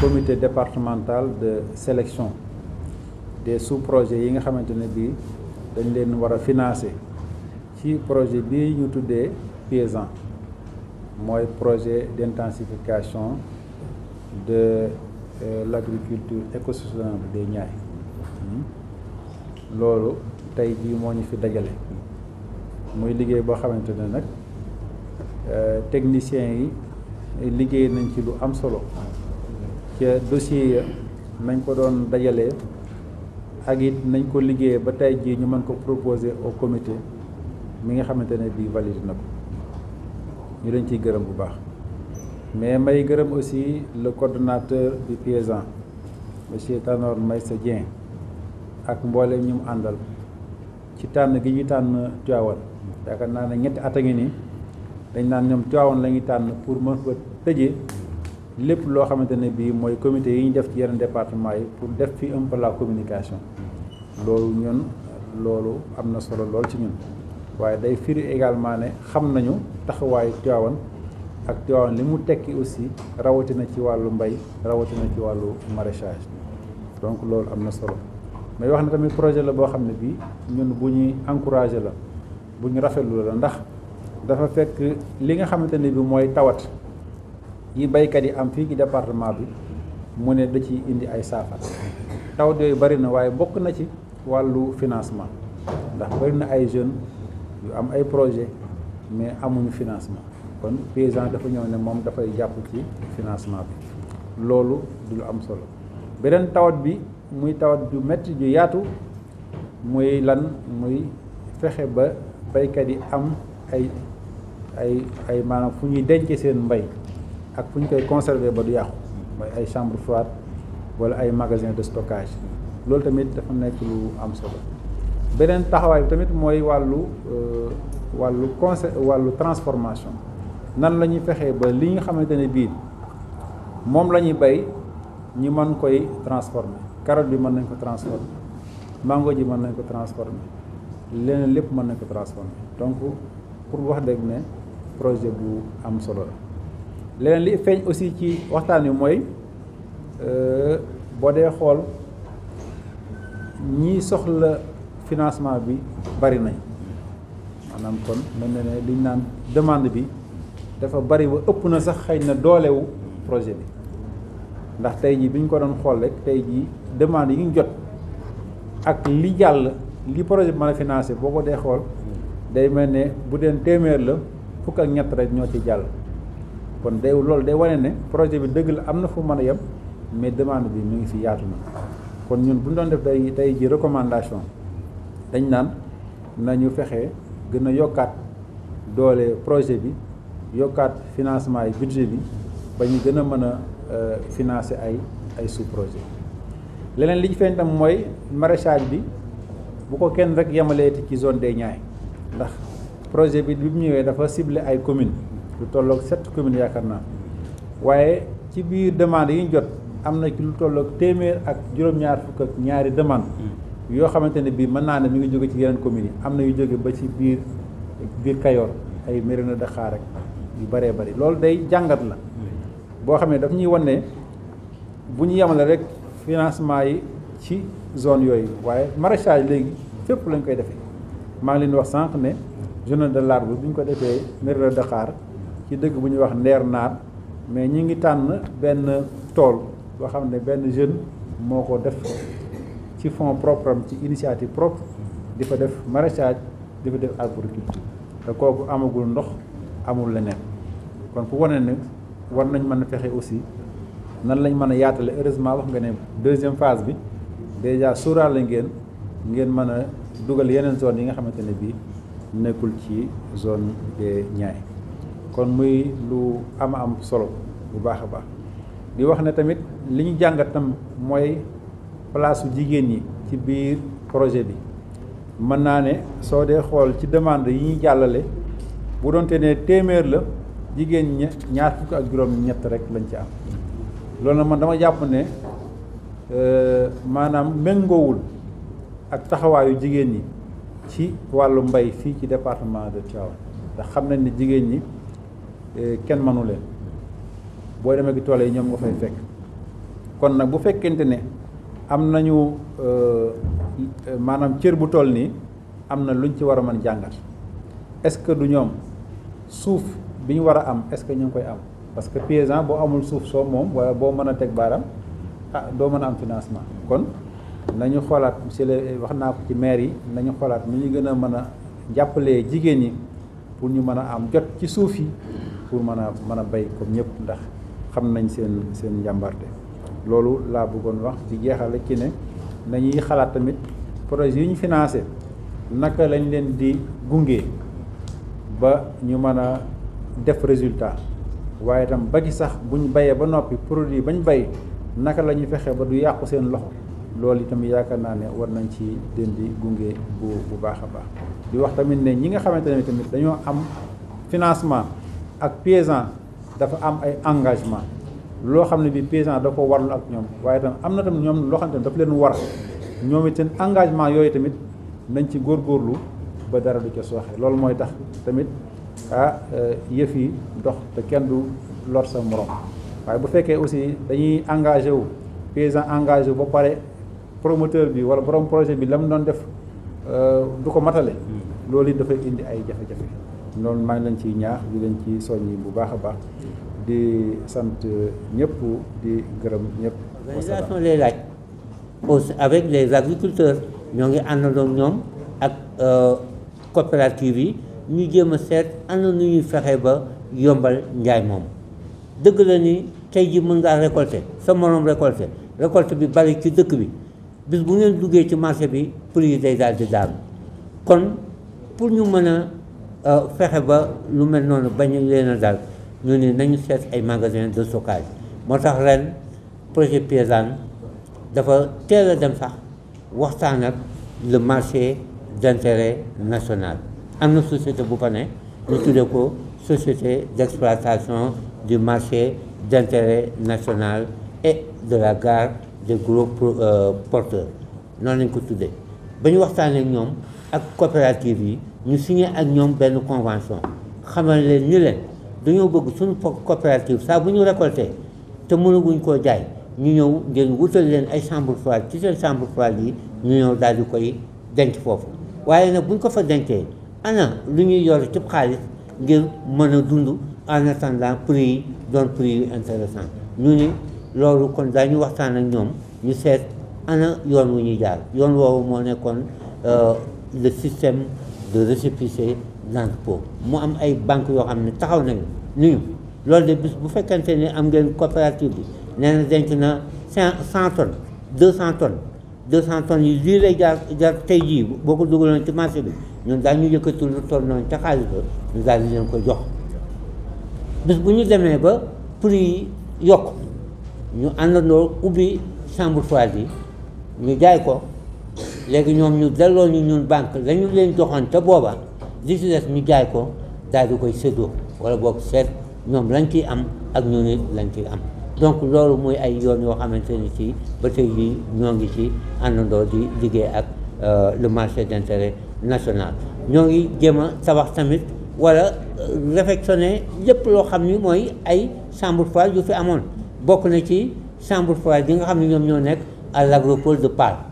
comité départemental de sélection des sous-projets yi nga xamante ne bii dañ leen war a financer ci projet bii ñu tuddee paysan mooy projet d'intensification de euh, l'agriculture écosouveraine de ñaay loolu tey jii moo ñu fi dajale muy liggéey boo xamante ne nag euh, techniciens yi liggéey nañ ci lu am solo ca dossier ya nañ ko doon dajalee ak it nañ ko liggéeyee ba tey jii ñu mën ko proposer au comité mi nga xamante ne bii valide na ko ñu leen ciy gërëm bu baax mais may gërëm aussi le coordonnateur du piesan monsieur Tanor Meïssa Dieng ak mboolem ñu mu àndal ci tànn gi ñu tànn Tivaouane yaakaar naa ne ñetti at ngi nii dañ naan ñoom Tivaouane la ñuy tànn pour mën ko tëjee lépp loo xamante ne bii mooy comité yi ñu def ci yeneen département yi pour def fi un peu communication loolu ñun loolu am na solo lool ci ñun waaye day firi également ne xam nañu taxawaayu Tivaouane ak Tivaouane li mu tekki aussi rawatina ci wàllu mbay rawatina ci wàllu maraîchage donc loolu am na solo mais wax na tamit projet la boo xam ne bii ñun bu ñuy encouragé la bu ñu rafetlu la ndax dafa fekk li nga xamante ne bii mooy tawat. yi baykat yi am fii ci département bi mu ne da ci indi ay saafara tawat yooyu bëri na waaye bokk na ci wàllu financement ndax bëri na ay jeunes yu am ay projet mais amuñu financement kon paysan dafa ñëw ne moom dafay jàpp ci financement bi loolu du lu am solo beneen tawat bi muy tawat ju métti ju yaatu muy lan muy fexe ba baykat yi am ay ay ay maanaam fu ñuy denc seen mbay ak fu ñu koy conserver ba du yàqu mooy ay chambre froide wala ay magasin de stockage loolu tamit dafa nekk lu am solo beneen taxawaay bi tamit mooy wàllu euh, wàllu conseil wàllu transformation nan la ñuy fexee ba li nga xamante ne bii moom la ñuy bay ñu mën koy transformer carotte bi mën nañ ko transformer mango ji mën nañ ko transformer leneen lépp mën nañ ko transformer donc pour wax dëgg ne projet bu am solo la leneen li feeñ aussi ci waxtaan wi mooy euh, boo dee xool ñi soxla financement bi bari nañ maanaam kon mën na ne liñ naan demande bi dafa bari ba ëpp na sax xëy na doolewu projet bi ndax tey jii bi ñu ko doon xool rek tey jii demande yi ñu jot ak li jàll li projet bi mën a financé boo ko dee xool day mel ne bu deen téeméer la fukk ak ñett rek ñoo ci jàll kon day loolu day wane ne projet bi dëgg la am na fu mën a yem mais demande bi mu ngi fi yaatu na kon ñun bu ñu doon def day tey ji recommandation dañ naan na ñu fexe gën a yokkaat doole projet bi yokkaat financement yi budget bi ba ñu gën a mën a euh, financer ay ay sous projet leneen li ñu feeñ tam mooy maraîchage bi bu ko kenn rek yemaleeti ci zone des Niayes ndax projet bi bi ñëwee dafa ciblé ay communes lu tolloog sept commune yaakaar naa waaye ci biir demande yi ñu jot am na ci lu tolloog téeméer ak juróom-ñaar fukk ak ñaari demande hmm. yoo xamante ne bii mën naa ne mi ngi jóge ci yeneen communes yi am na yu jóge ba ci biir biir Kayoor ay Mérina Dakhar rek yu bëree bëri loolu day jàngat la hmm. boo xam ne ñuy wan ne bu ñu yemale rek financement yi ci zone yooyu waaye maraîchage léegi fépp lañ koy defee maa ngi leen wax sànq ne journée de l'arbre bi ñu ko defee Mérina Dakhar ci dëkk bu ñuy wax ndeer naar mais ñi ngi tànn benn tool boo xam ne benn jeune moo ko def ci fonds propre am ci initiative propre di fa def maraîchage di fa def agriculture te kooku amagul ndox amul leneen kon ku wane ne war nañ mën a fexe aussi nan lañ mën a yaatale heureusement wax nga ne deuxième phase bi déjà sóoraale ngeen ngeen mën a dugal yeneen zone yi nga xamante ne bii nekkul ci zone des Niayes kon muy lu am am solo bu baax a baax di wax ne tamit li ñu jàngat tam mooy place su jigéen ñi ci biir projet bi mën naa ne soo dee xool ci demande yi ñuy jàllale bu doonte ne téeméer la jigéen ñi ñaar fukk ak juróom ñett rek lañ ci am loolu na mën dama jàpp ne euh, maanaam méngoowul ak taxawaayu jigéen ñi ci wàllu mbay fii ci département de Tivaouane ndax xam nañ ne jigéen ñi Eh, kenn mënu leen boo demee gi tool yi ñoom nga fay fekk kon nag bu fekkente ne am nañu eh, eh, maanaam cër bu toll nii am na lu luñ ci war a mën jàngat est-ce que du ñoom suuf bi ñu war a am est-ce que ñu ngi koy am parce que paysan boo amul suuf soo moom wala boo mën a teg baaram ah doo mën a am financement kon nañu xoolaat si la wax naa ko ci maire yi nañu xoolaat nu ñu gën a mën a jàppalee jigéen ñi pour ñu mën a am jot ci suuf yi pour mën a mën a béy comme ñëpp ndax xam nañ seen seen njàmbarte loolu laa bëggoon wax di jeexale ci ne nañuy xalaat tamit projet yi ñu financé naka lañ leen di gunge ba ñu mën a def résultat waaye tam ba gi sax bu ñu béyee ba noppi produit bañ bay naka la ñu fexe ba du yàqu seen loxo loolu itam yaakaar naa ne war nañ ci leen di gunge bu bu baax a baax di wax tamit ne ñi nga xamante ne tamit dañoo am financement ak paysan dafa am ay engagement loo xam ne bi paysan da ko warlu ak ñoom waaye tam am na tam ñoom loo xam ne dafa leen war ñoom it seen engagement yooyu tamit nañ ci góor góorlu ba dara du ca sooxe loolu mooy tax tamit ah eh, yëf yi dox te kenn du lor sa morom waaye bu fekkee aussi dañuy engagé wu paysan engagé ba pare promoteur bi wala borom projet bi la mu doon def eh, du ko matale hmm. loolu it dafay indi ay jafe-jafe loolu maa ngi leen ciy ñaax di leen ci soññi bu baax a baax di sant ñëpp di gërëm ñëpp. organisation lay laaj si avec les agriculteurs ñoo ngi àndandoo ñoom ak euh, coopérative yi ñu jéem a seet ànd nu ñuy fexe ba yombal njaay moom dëgg la ni tey ji mën ngaa récolter sa morom récolter récolte bi bari ci dëkk bi bis bu ngeen duggee ci marché bi prix yi day daal di kon pour ñu mën a Euh, fexe ba lu mel noonu bañ leen a daal ñu ni nañu seet ay magasin de stockage moo tax ren projet paysan dafa teel a dem sax waxtaan ak le marché d'intérêt national am na société bu fa ne ñu tuddee ko société d'exploitation du marché d'intérêt national et de la gare des gros euh, porteur noonu lañ ko tuddee ba ñu waxtaanee ñoom ak coopérative yi ñu signé ak ñoom benn convention xamal leen ni leen ñëw bëgg suñu coopérative saa bu ñu récolté te mënaguñ koo jaay ñu ñëw ngeen wutal leen ay chambre fois ci seen chambre froide yi ñu ñëw daal di koy denc foofu waaye nag buñ ko fa dencee ana lu ñuy yor ci xaalis ngir mën a dund en attendant prix yi doon prix yu intéressant ñu ni loolu kon daañu waxtaan ak ñoom ñu seet ana yoon wu ñuy jaar yoon woowu moo nekkoon euh, le système de récépissé l'entrepôt mu am ay banque yoo xam ne taxaw nañu ni ñu loolu de bis bu fekkente ne am ngeen coopérative bi nee denc na cinq cent tonnes deux cent tonnes deux cent tonnes yi lii lay jaar jaar tey jii boo ko dugaloon ci marché bi ñun daal ñu yëkkati lu toll noonu ca xaalis ba ñu daal di leen ko jox bis bu ñu demee ba prix yi yokk ñu àndandoo ubbi chambre froide yi ñu jaay ko léegi ñoom ñu delloo ñu ñun banque la ñu leen joxoon te booba li ci des ñu jaay ko daal di koy séddoo wala boog seet ñoom lañ ciy am ak ñoo nit lañ ci am donc loolu mooy ay yoon yoo xamante ni ci ba tey jii ñoo ngi ci àndandoo di liggéey ak euh, le marché d'intérêt national ñoo ngi jéem a tabax tamit wala euh, réfectionner lépp loo xam ni mooy ay chambre froide yu fi amoon bokk na ci chambre froide yi nga xam ne ñoom ñoo nekk à l'agropole de Pâle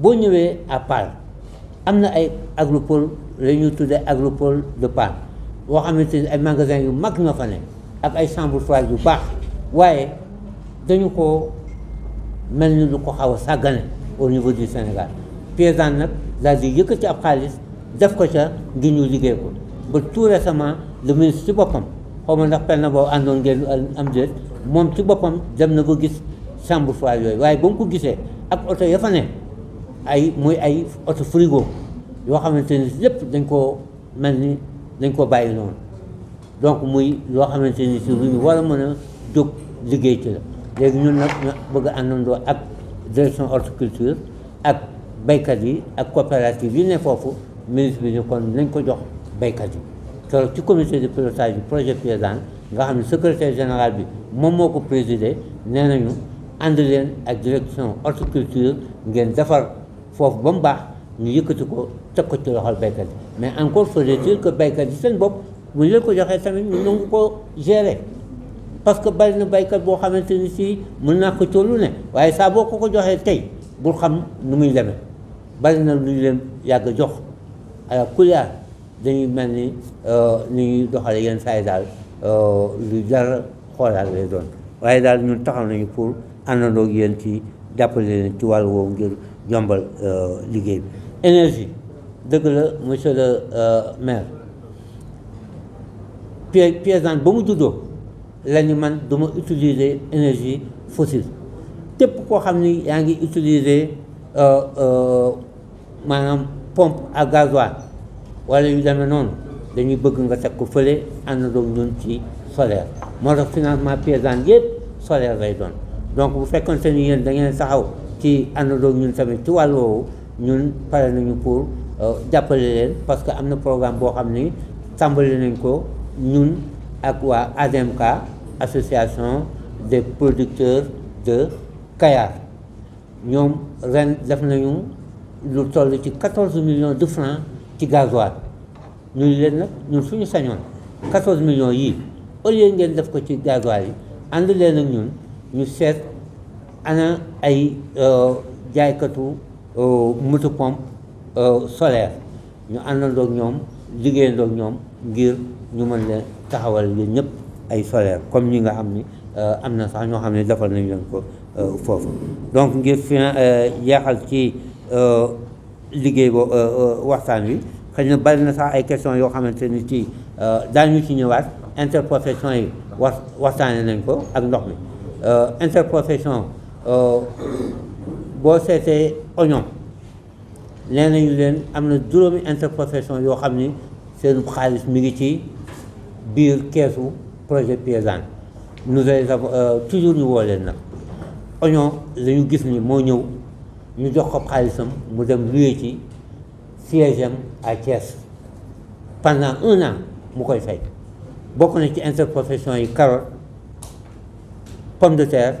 boo ñëwee à Pane am na ay agropole la ñuy tuddee agropole de Pane boo xamante ni ay magasin yu mag nga fa ne ak ay chambre froide bu baax waaye dañu ko mel ni lu ko xaw a sàggane au niveau du Sénégal paysan nag daal di ci ab xaalis def ko ca ngir ñu liggéey ko ba tout récemment le ministre ci boppam xaw ma ndax penn boo àndoon ngeen am déet moom ci boppam dem na ko gis chambre froide yooyu waaye ba mu ko gisee ak oto ya fa ne ay muy ay oto frigo yoo xamante ni lépp dañ koo mel ni dañ koo bàyyi noonu donc muy yoo xamante ni si lu war a mën a jóg liggéey ci la léegi ñun nag bëgg a àndandoo ak direction horticulture ak baykat yi ak coopérative yi ne foofu ministre bi ni kon nañ ko jox baykat yi keroog ci comité de pilotage du projet paysan nga xam ne secrétaire général bi moom moo ko présider nee nañu ànd leen ak direction horticulture ngeen defar foofu ba mu baax ñu yëkkati ko teg ko ci loxol baykat yi mais encore faudrait-il que baykat yi seen bopp bu ñu leen ko joxee tamit ñu nangu ko gérer parce que bari na baykat boo xamante ni si mën naa ko tollu ne waaye saa boo ko ko joxee tey bul xam nu muy demee bari na lu leen yàgg jox ala kuliar dañuy mel ni euh, ni ñuy doxale yenn saa yi daal euh, lu jar xoolaat lay doon waaye daal ñun taxaw nañu pour àndandoo ak yéen ci jàppale leen ci wàll woowu ngir yombal euh, liggéey bi énergie dëgg la monsieur le euh, maire Pierre Pierre Zane ba mu juddoo la man du ma utiliser énergie fossile tépp koo xam ni yaa ngi utiliser euh, maanaam pompe à gasoil wala yu demee noonu dañuy bëgg nga teg ko fële ànd doom ñun ci solaire moo tax financement Pierre Zane yëpp solaire lay doon donc bu fekkoon seen yéen da ngeen saxaw ci àndandoo ñun tamit ci wàll woowu ñun pare nañu pour euh, jàppale leen parce que am na programme boo xam ni tàmbali nañ ko ñun ak waa ADMK association des producteurs de Kayar ñoom ren def nañu lu toll ci 14 millions de francs ci gasoil ñu leen nag ñun suñu sañoon 14 millions yii au ngeen def ko ci gasoil yi ànd leen ak ñun ñu seet ana ay euh, jaaykatu euh, moto pompe euh, solaire ñu àndandoog ñoom liggéeyandoog ñoom ngir ñu mën leen taxawal yéen ñëpp ay solaire comme ñi nga xam ni am na sax ñoo xam ne defal nañu leen ko foofu donc ngir fin jeexal ci liggéey bo waxtaan wi xëy na bari na sax ay questions yoo xamante ni ci daañu ci ñëwaat interprofession yi wax waxtaane nañ ko ak ndox mi interprofession Euh, boo seetee oñon nee nañu leen am na juróomi interprofession yoo xam ni seen xaalis mi ngi ci biir keesu projet paysan nous avons euh, toujours ñu woo leen nag oñon lañu gis ni moo ñëw ñu jox ko xaalisam mu dem luyee ci siège ay à Thiès pendant un an mu koy fay bokk na ci interprofession yi carotte pomme de terre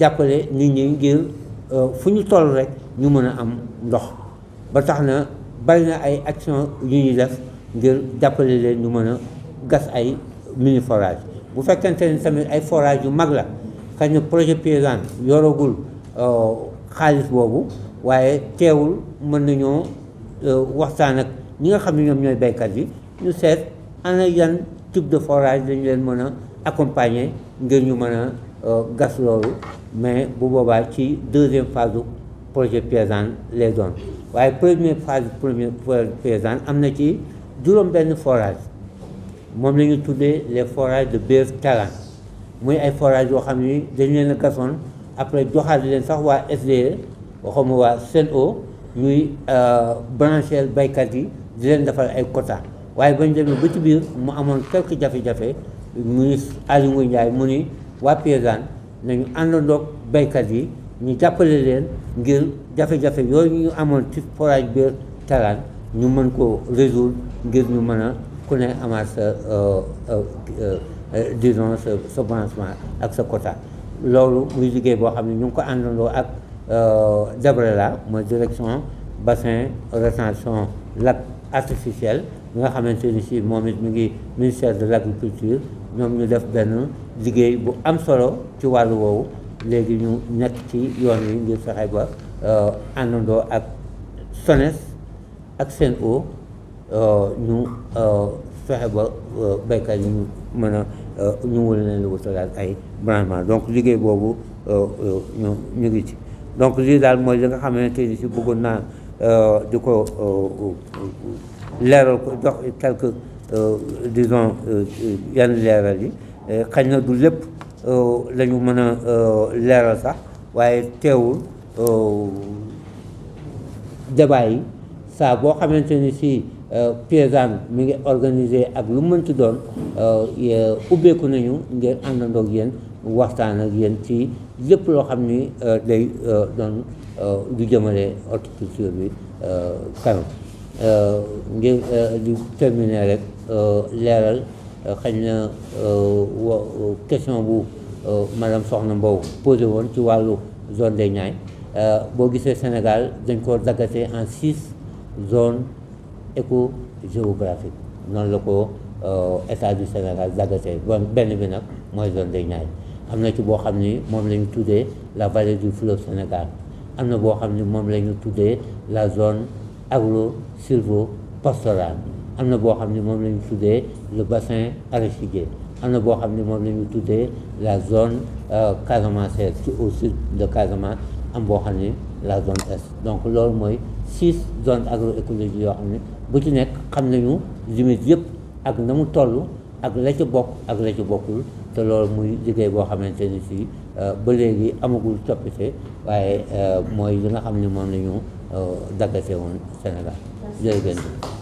jàppale nit ñi ngir euh, fu ñu toll rek ñu mën a am ndox ba tax na bari na ay action yu ñuy def ngir jàppale leen ñu mën a gas ay mini forage bu fekkente ne tamit ay forage yu mag la xëy na projet paysan yoragul euh, xaalis boobu waaye teewul mën nañoo euh, waxtaan ak ñi nga xam ne ñoom ñooy baykat yi ñu seet ana yan type de forage dañu leen mën a accompagner ngir ñu mën a Euh, gas loolu mais bu boobaa ci deuxième phase du projet paysan lay doon waaye première phase premier paysan am na ci juróom benn forage moom la ñu tuddee les forages de Beer Talan muy ay forage yoo xam ni dañ leen a gasoon après joxaat leen sax waa SDE waxuma waa Sen'Eau ñuy euh, brancher baykat yi di leen defal ay quota waaye bañ demee ba ci biir mu amoon quelques jafe-jafe muy Aly Ngouille mu ni waa PIEGAN nañu àndandoog béykat yi ñu jàppale leen ngir jafe-jafe yooyu ñu amoon ci forage biir Talaan ñu mën ko résoudre ngir ñu mën a ku ne amaat sa euh, euh, euh, disons sa subventionnement ak sa quota loolu muy liggéey boo xam ne ñu ngi ko àndandoo ak DEBRELA mooy direction bassin rétention lac artificiel nga xamante ni si moom it mi ngi ministère de l' agriculture ñoom ñu def benn liggéey bu am solo ci wàll woowu léegi ñu nekk ci yoon wi ngir fexe ba euh, àndandoo ak SONES ak SEN'EAU euh, ñu euh, fexe ba béykat yi ñu mën a ñu wële leen lu wutalaat ay branchement donc liggéey boobu ñu ñu ngi ci donc lii daal mooy li nga xamante ni si bëggoon naa di ko leeral ko jox quelque euh, disons euh, yenn leeral yi euh, xañ na du lépp la ñu mën a leeral sax waaye teewul débat yi saa boo xamante ni si piesan mu ngi organisé ak lu mënti doon ubbeeku nañu ngeen àndandoog yéen waxtaan ak yéen ci lépp loo xam ni day doon du jëmale horticulture bi kanam ngir e, di terminer rek e, leeral e, xañ na question bu madame Soxna Mbow posé woon ci wàllu zone des Niayes boo gisee Sénégal dañ koo daggate en six zone éco-géographiques noonu la ko état du Sénégal daggate benn bi nag mooy zone des Niayes am na ci boo xam ni moom la ñu tuddee la vallée du fleuve Sénégal am na boo xam ni moom la ñu tuddee la zone agro silvo pastoral am na boo xam ne moom la ñu tuddee le bassin arachidier am na boo xam ni moom lañu tuddee la zone euh, casamançaise ci au sud de Casamance am boo xam ni la zone est donc loolu mooy zone zones agroécologiques yoo xam ne bu ci nekk xam nañu limite yëpp ak na mu toll ak la ca bokk ak la ca bokkul te loolu muy liggéey boo xamante ni fii euh, ba léegi amagul coppite waaye euh, mooy li nga xam ni moom la ñu dakase woon Sénégal jërë ngeen